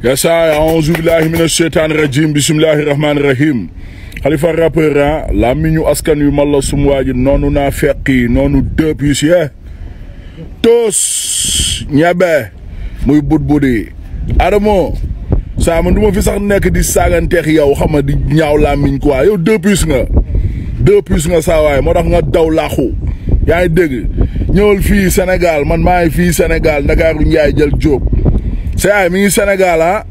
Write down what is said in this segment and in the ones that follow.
Ya saya aouzubillahi minashaitanir rajim bismillahir rahmanir rahim Khalifa rappeur ah, la miñu askan yu malla sum waji nonu na feqi eh? nonu yu ya tous ñabe muy budbudi adamo sa man duma fi sax nek di sagantex yow xama di ñaaw la miñ quoi yow yu nga yu nga sa way motax nga daw laxu yaay deug Ñewal fi senegal man maay fi senegal dakaru ñay jël job say ay mi senegal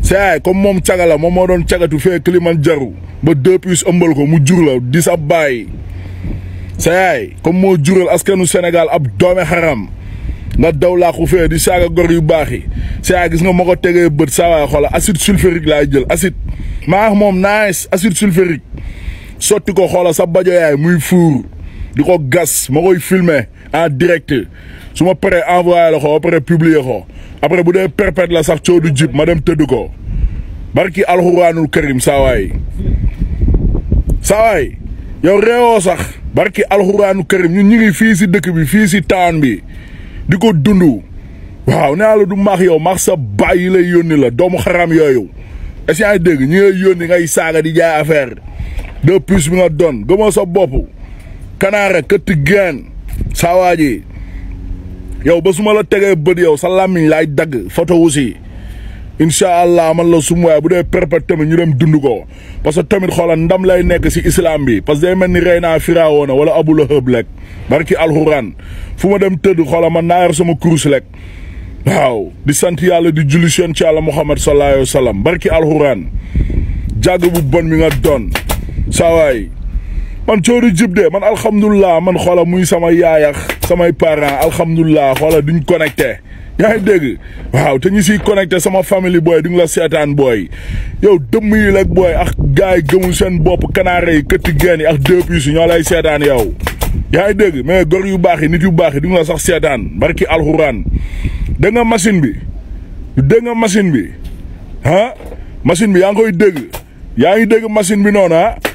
Sénégal ah comme moom caga la moom moo doon Kilimanjaro ba deux puces ëmbal ko mu jur la di sa bàyyi comme jural askanu Sénégal ab doome haram nga daw laaxu fee di saaga gor yu baax yi c'est ay gis nga ma ko tegee bët saa waay acide sulfurique jël acide nice acide sulfurique so ko xoola sa bajo yaay muy di gas ma i filmer en direct su ma paree envoyé la ko ba pare publier ko après bu dee perpète la sax du jib ma dem tëdd ko barki alxuraanul karim saawaay saawaay yow réewoo sax barki alxuraanul karim ñun ñu ngi fii si dëkk bi fii si taan bi di ko dund waaw nee la du maax yow maax sa baay yi lay yónni la doomu xaram yooyu est-ce que dégg ñi lay yónni ngay saaga di jaay affaire de plus bi nga doon gëmoo sa bopp kanaara këtt geen saawaa ji yow ba su ma la tegee bët yow sa làmmiñ laay dagg photo aussi incha allah man la sum waaye bu dee perpète tamit ñu dem dund ko parce que tamit xoolal ndam lay nekk si islam bi parce que mel ni rey naa firaawoona wala abu lahab lekk barki alxuraan fu ma dem tëdd xoolal man naa yar sama kurus lekk waaw di sant yàlla di julli seen ci yàlla muhammad sallallahu alayhi wa sallam alxuraan jàgg bu bon mi nga doon saawaay man ciori jib de man alhamdulillah man xola muy sama yaaya ya parents alhamdulillah xola duñ connecté yaay deug waaw te ñi ci connecté sama family boy duñ la yo boy yow dem yi lak boy ak gaay geumul sen bop canaré kanaare yi ak deux puces ñoo lay sétane yow. yaay deug mais gor yu baax yi nit yu baax yi la sax sétane barki alcorane de nga machine bi de nga machine bi ha machine bi yaa ngoy deug yaay deug machine bi non ha ah?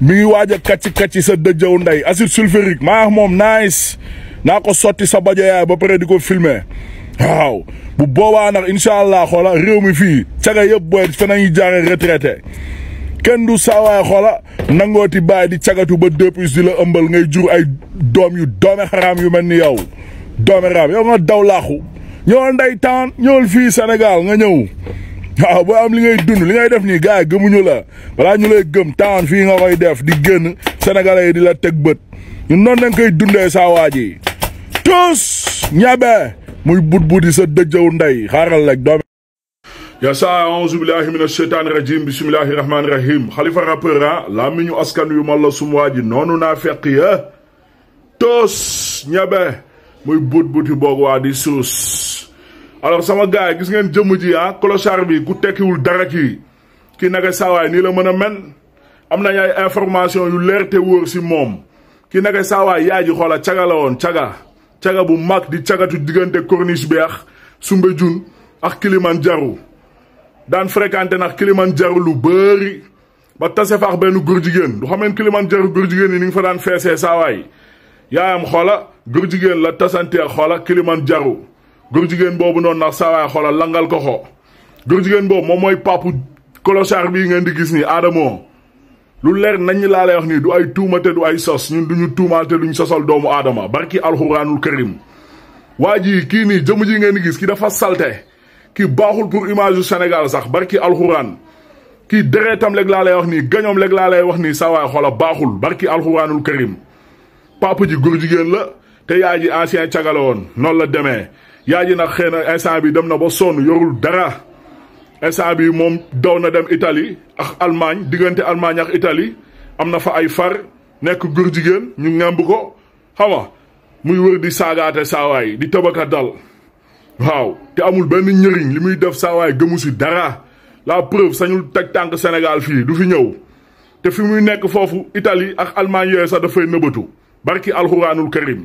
mi ngi waaj a kacci kacci sa dëjëw nday acide sulfurique ma wax nice nako soti sa bajo yaay ba pare diko filmer waw bu boba nak inshallah xola rew réew mi fii caga yeb boy fe nañu jare retraité ken du saawaay xola nangoti bay di cagatu ba 2 plus di la eumbal ngay jur ay dom yu domé haram yu melni yow domé yow nga daw laxu ñoo nday tan ñool fi Sénégal nga ñew waaw ah, boo am li ngay dund li ngay def nii gars yi gëmuñu la balaa ñu lay gëm taan fii nga koy def di génn sénégalais yi di la teg bët ñun noonu dañ koy dundee saa waa ji tous ñabe muy bud budi sa dëjëw ndey xaaral rek doom ya sa a'udhu billahi minash shaitani rajim bismillahir rahmanir rahim khalifa rappeur ah, la miñu askan yu mal sum waji nonu na fekk ya tous ñabe muy bud buti bog wa di sus alors sama gars gis ngeen jëmm ji ah clochard bi ku tekkiwul dara kii kii naka saawaay nii la mën a mel am nañ ay information yu leer te wóor si moom kii naka saawaay yaay ji xoola caga caga caga bu mag di cagatu diggante corniche bi ak Soumbédioune ak Kilimanjaro daan fréquenté nag Kilimanjaro lu bëri ba tase faax benn góor jigéen du xam ngeen Kilimanjaro góor jigéen yi ni nga fa daan feesee saawaay yaayam xoola góor jigéen la tasante ak xoola Kilimanjaro gor jigéen boobu noonu nag sawaay xoolal langal ko xo gor jigen bobu mom moy papu clochard bi ngeen di gis ni adamo lu leer nañ la lay wax ni du ay tuuma te du ay sos ñun duñu tuuma te duñu sosal doomu adama barki alquranul karim waji ki ni jëm ji ngeen gis ki dafa salte ki baaxul pour image du sax barki alquran ki deretam leg la lay wax ni gañom leg la lay wax nii sawaay baaxul barki alquranul karim papa ji góor jigen la te yaaji ancien tiagalawon non la demee yaa ji nag xëy na instant bi dem na ba sonn yorul dara instant bi moom daw na dem itali ak almaañ diggante Allemagne ak Italie am na fa ay far nekk góor jigéen ñu ŋàmb ko xawa muy wër di saagaate saawaay di tëbaka dal waaw te amul benn njëriñ li muy def saawaay gëmu si dara la preuve sañul teg tànk Sénégal fii du fi ñëw te fi muy nekk foofu Italie ak Allemagne yooyu sax dafay nëbatu barki alxuraanul karim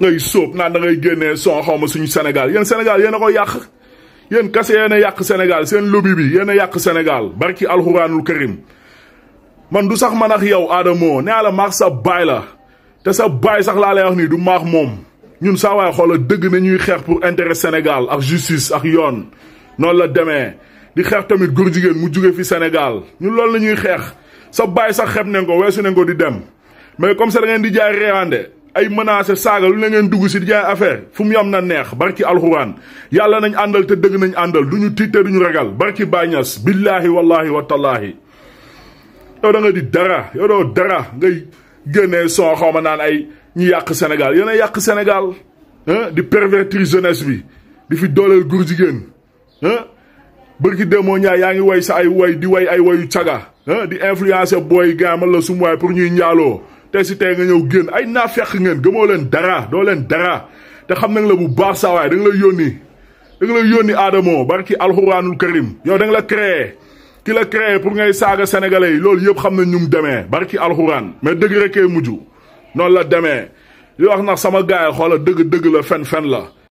ngay soop naan da ngay génnee son xaw ma suñu Sénégal yéen Sénégal yéen a ko yàq yéen kase yéen a yàq Sénégal seen lobby bi yéen a yàq Sénégal barki alxuraanul karim man du sax man ak yow Adamo nee la maax sa baay la te sa baay sax laa lay wax nii du maax moom ñun saa waay xoola dëgg na ñuy xeex pour intérêt Sénégal ak justice ak yoon noonu la demee di xeex tamit góor jigéen mu jóge fi Sénégal ñun loolu la ñuy xeex sa baay sax xeb ne ko weesu ne ko di dem mais comme ça da ngeen di jaay réewande ay menacer saga lu ngeen dugg ci jaay affaire fum yam na neex barki alquran yalla nañ andal te deug nañ andal duñu tité duñu ragal barki bañas billahi wallahi wa tallahi yow da nga di dara yow do dara ngay gene so xawma nan ay ñi yaq senegal yene yaq senegal hein di pervertir jeunesse bi di fi dolel gour jigen hein barki demo nya yaangi way sa ay way di way ay wayu tiaga hein di influencer boy gamal la sum way pour ñuy tey si tey nga ñëw génn ay naa fekk ngeen gëmoo leen dara doo leen dara te xam nañ la bu baax saa waay da nga la yónni da nga la yónni Adamo barki alxuraanul karim yow da nga la créé ki la créé pour ngay saaga sénégalais yi loolu yëpp xam nañ ñu mu demee barki alxuraan mais dëgg rekkee mujj noonu la demee li wax na sama gaay yi xoola dëgg dëgg la fen fen la